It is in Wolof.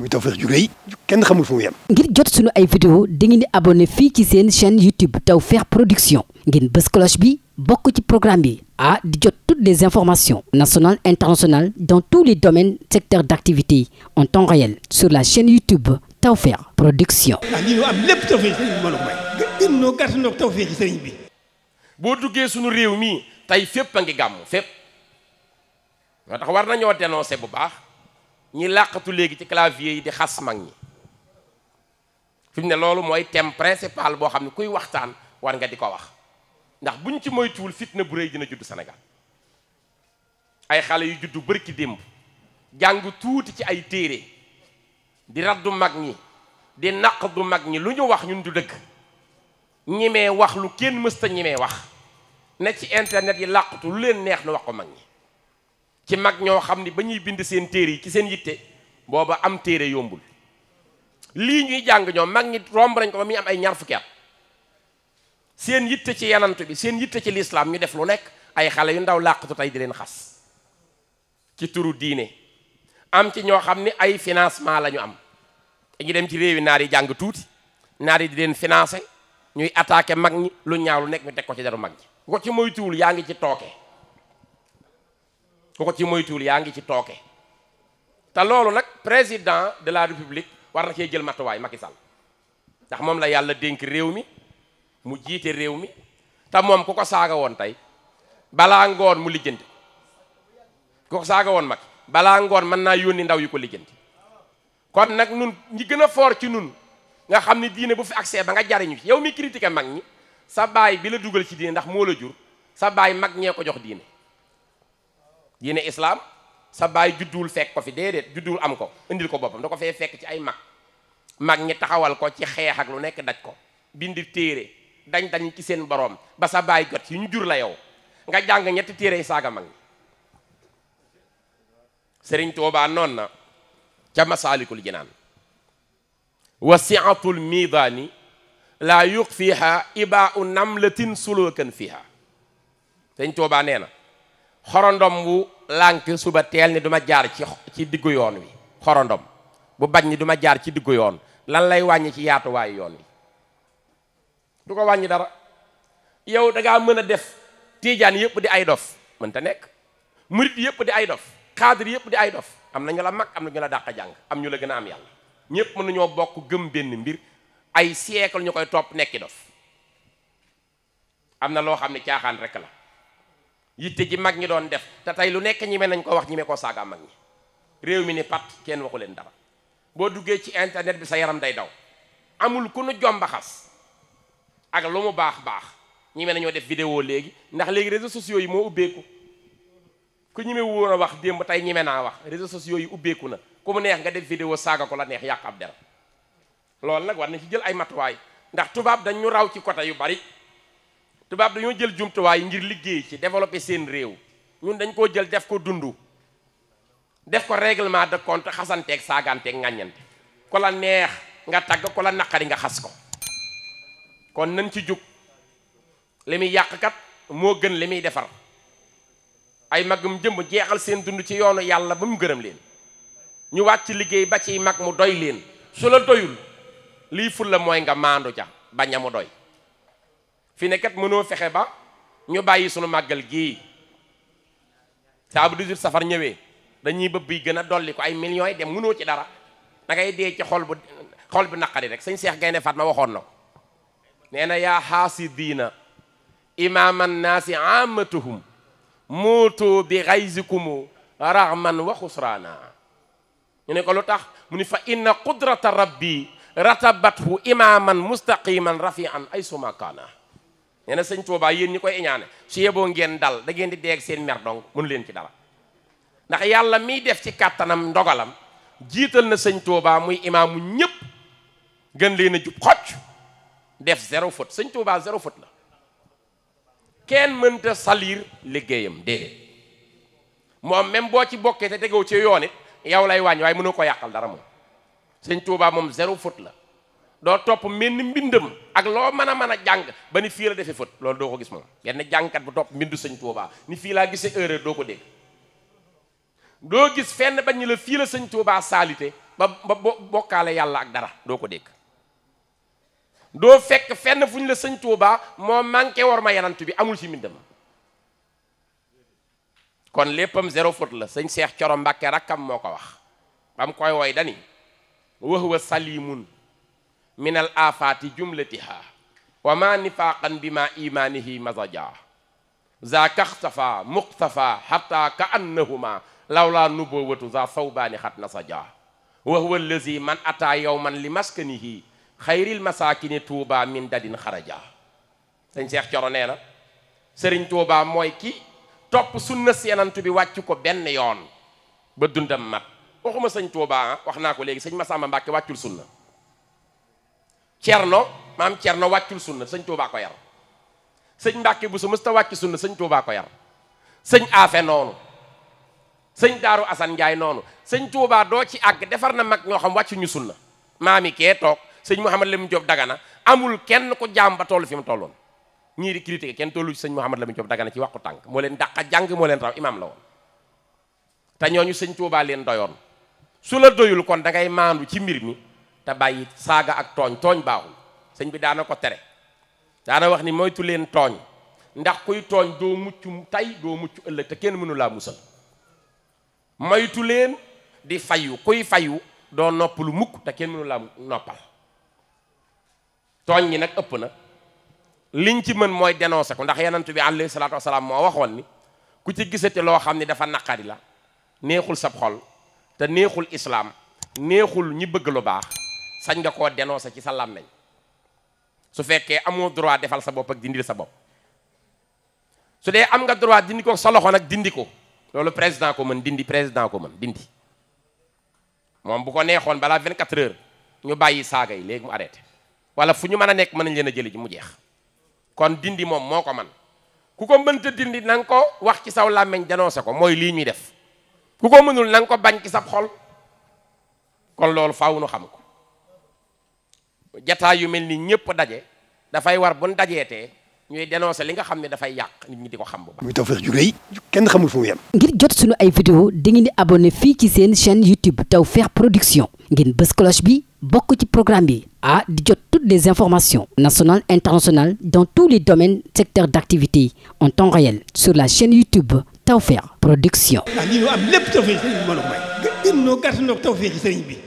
muy Tawfekh ju rëy kenn xamul fu mu ngir jot sunu ay vidéo dangeen di abonné fii ci seen chaîne YouTube Tawfekh Production ngeen bës cloche bi bokk ci programme bi a di jot toutes les informations nationales internationales dans tous les domaines secteurs d'activité en temps réel sur la chaîne YouTube Tawfekh Production. ah lii ñu am lépp Tawfekh sëriñ bi bi. boo duggee sunu réew mi tey fépp a ngi gàmm fépp. moo tax war nañoo dénoncer bu baax. ñi làqatu léegi ci clavier yi di xas mag ñi fi ne loolu mooy thème principal boo xam ne kuy waxtaan war nga di ko wax ndax buñ ci moytuwul fitna bu rëy dina judd Sénégal ay xale yu juddu bërki démb jàng tuuti ci ay téere di raddu mag ñi di naq du mag ñi lu ñu wax ñun du dëkk ñimee wax lu kenn mësta ñimee wax ne ci internet yi làqatu lu leen neex nu wax ko mag ñi ci mag ñoo xam ni ba ñuy bind seen téere yi ci seen yitte booba am téere yombul lii ñuy jàng ñoom mag ñi romb nañ ko ba mi am ay ñaar fukki at ci yanant bi seen yitte ci lislaam ñu def lu nekk ay xale yu ndaw làqatu tey di leen xas ci turu diine am ci ñoo xam ni ay financement lañu am dañu dem ci réewi naar yi jàng tuuti naar yi di leen financé ñuy attaqué mag ñi lu ñaaw lu nekk ñu teg ko ci deru mag ñi ko ci moytuwul yaa ngi ci tooke ku ko ci moytuwul yaa ngi ci tooke te loolu nag président de la république war na cee jël matuwaay Macky sal ndax moom la yàlla dénk réew mi mu jiite réew mi te moom ku ko saaga woon tey balaa ngoon mu lijjanti ku ko saaga woon mag balaa ngoon mën naa yónni ndaw yi ko lijjanti kon nag nun ñi gën a foor ci nun nga xam ni diine bu fi accès ba nga jariñu ci yow mi critiqué mag ñi sa baay bi la dugal ci diine ndax moo la jur sa baay mag ñee ko jox diine diine islaam sa baay judduwul fekk ko fi déedéet judduwul am ko indil ko boppam da ko fee fekk ci ay mag mag ñi taxawal ko ci xeex ak lu nekk daj ko bindi téere dañ dañ ci seen boroom ba sa baay jot ci ñu jur la yow nga jàng ñetti téere yi saaga mag ñi sëriñ Tuubaa noon na ca naan masaalikul jinaan wasiatul miidaani laa yuq fiiha ibaa u namlatin sulukan fiiha sëriñ Tuubaa nee na xorondom wu lànk suba teel ni duma jaar ci ci diggu yoon wi xorondom bu bañ ni duma jaar ci diggu yoon lan lay wàññi ci yaatuwaayu yoon wi du ko wàññi dara yow da ngaa mën a def tiijaan yëpp di ay dof mën ta nekk murit yëpp di ay dof xaadir yëpp di ay dof am na ñu la mag am na ñu la dàq jàng am ñu la gën a am yàlla ñëpp mën nañoo bokk gëm benn mbir ay siècle ñu koy topp nekki dof am na loo xam ne caaxaan rek la yitte ji mag ñi doon def te tey lu nekk ñi nañ ko wax ñi me koo saaga mag ñi réew mi ni pat kenn waxu leen dara boo duggee ci internet bi sa yaram day daw amul ku nu jomba ak lu mu baax baax ñi me nañoo def vidéo léegi ndax léegi réseaux sociaux yi moo ubbeeku ku ñi me woon a wax démb tey ñi naa wax réseaux sociaux yi ubbeeku na ku mu neex nga def vidéo saaga ko la neex yàq ab der loolu nag war nañ ci jël ay matuwaay ndax tubaab dañ ñu raw ci côté yu bari tubaab dañoo jël jumtuwaay ngir liggéey ci développer seen réew ñun dañ koo jël def ko dund def ko règlement de xasanteek xasanteeg saaganteeg ŋàññante ku la neex nga tagg ko la naqari nga xas ko kon nañ ci jug li muy yàqkat moo gën li muy defar ay magum jëmb jeexal seen dund ci yoonu yàlla ba mu gërëm leen ñu wàcc liggéey ba ciy mag mu doy leen su la doyul lii ful la mooy nga maandu ja bañ a mu doy fi ne mënoo fexe ba ñu bàyyi sunu màggal gii saa bu 18 safar ñëwee dañuy ba yi gën a dolli ko ay millions yi dem mënoo ci dara da ngay dee ci xol bu xol bu naqari rek sëñ Seex Gaynde Fatma waxoon na ko nee na yaa xaasidiina imaaman naasi amatuhum muutu bi xaysikumu raxman wa xusraana ñu ne ko lu tax mu ni fa inna qudrata rabbi ratabathu imaman mustaqiman rafian ay sumakaana nee sëñ Tuubaa yéen ñi koy iñaane su yeboo ngeen dal da ngeen di deeg seen mer dong mënu leen ci dara ndax yàlla miy def ci kàttanam ndogalam jiital na sëñ Tuubaa muy imaamu ñépp gën leen a jub xocc def zéro faute sëñ Tuubaa zéro faute la kenn mënta saliir liggéeyam déedéet moom même boo ci bokkee te tegoo ci yoon it yow lay wàññi waaye mënu ko yàqal dara moom sëñ Tuubaa moom zéro faute la doo topp menn mbindam ak loo mën a mën a jàng ba ni fii la defee fët loolu doo ko gis moom benn jàngkat bu topp mbindu sëñ Tuubaa ni fii laa gise erreur doo ko dégg doo gis fenn bañ ni la fii la salité ba yàlla ak dara doo ko dégg fekk fenn fuñ ñu la sëñ Tuubaa moo manqué war ma yanantu bi amul ci mbindam kon léppam zéro faute la sëñ Seex Coro Mbàkke rakkam moo ko wax bam koy woy dani wax wa salimun min al afaati jumlatiha wa ma nifaqan bima imaanihi mazaja za kaxtafa muqtafa xata ka annahuma lawla nubowatu za sawbaani xat nasaja man ata yowman li maskanihi xayril masakini tuuba min dadin xaraja sëñ Cheikh Coro nee na sëriñ tuuba mooy ki topp sunna seenantu bi wàcc ko benn yoon ba dundam mat waxuma sëñ tuuba ah, wax naa ko léegi sëñ Masamba Mbàkke wàccul sunna cerno maam cerno wàccul sunna sëñ Tuubaa ko yar sëñ Mbàkke bu su mës ta wàcc sunna sëñ Tuubaa ko yar sëñ aafe noonu sëñ daaru Assane njaay noonu sëñ Tuubaa doo ci àgg defar na mag ñoo xam wàccuñu sunna maami kee toog sëñ Mouhamad Lamine Diop Dagana amul kenn ku jaam ba toll fi mu tolloon ñii di critiquer kenn tollu ci sëñ Mouhamad Lamine Diop Dagana ci waxu tànk moo leen dàqa jàng moo leen raw imaam la woon te ñooñu sëñ Tuubaa leen doyoon su la doyul kon da ngay ci mbir mi te bàyyi saaga ak tooñ tooñ baaxul sëñ bi daana ko tere daana wax ni moytu leen tooñ ndax kuy tooñ doo mucc tey doo mucc ëllëg te kenn mënulaa laa musal moytu leen di fayu kuy fayu doo noppalu mukk te kenn mënu noppal tooñ gi nag ëpp na liñ ci mën mooy dénoncé ko ndax yenantu bi alayhi salaatu wasalaam moo waxoon ni ku ci gisati loo xam ne dafa naqari la neexul sab xol te neexul islaam neexul ñi bëgg lu baax sañ nga koo dénoncé ci sa làmmeñ su fekkee amoo droit defal sa bopp ak dindil sa bopp su dee am nga droit dindi ko sa loxo nag dindi ko loolu président ko mën dindi président ko mën dindi moom bu ko neexoon balaa 24 heures ñu bàyyi saaga yi léegi mu arrêté wala fu ñu mën a nekk mën nañ leen a jëli ji mu jeex kon dindi moom moo ko man ku ko mënta dindi na ko wax ci saw làmmeñ dénoncé ko mooy lii ñuy def ku ko mënul na ko bañ ci sab xol kon loolu faw nu xam ko jataay yu mel ni ñëpp daje dafay war buñ dajeetee ñuy dénoncer li nga xam ne dafay yàq nit ñi di ko xam bu baax. muy Tawfekh ju rëy kenn xamul fu mu yem. ngir jot suñu ay vidéo dangeen di abonné fii ci seen chaîne YouTube Tawfekh Production ngeen bës bi bokk ci programme bi ah di jot toutes les informations nationales internationales dans tous les domaines secteurs d'activité en temps réel sur la chaîne YouTube Tawfekh Production. ah lii am lépp Tawfekh sëriñ bi mën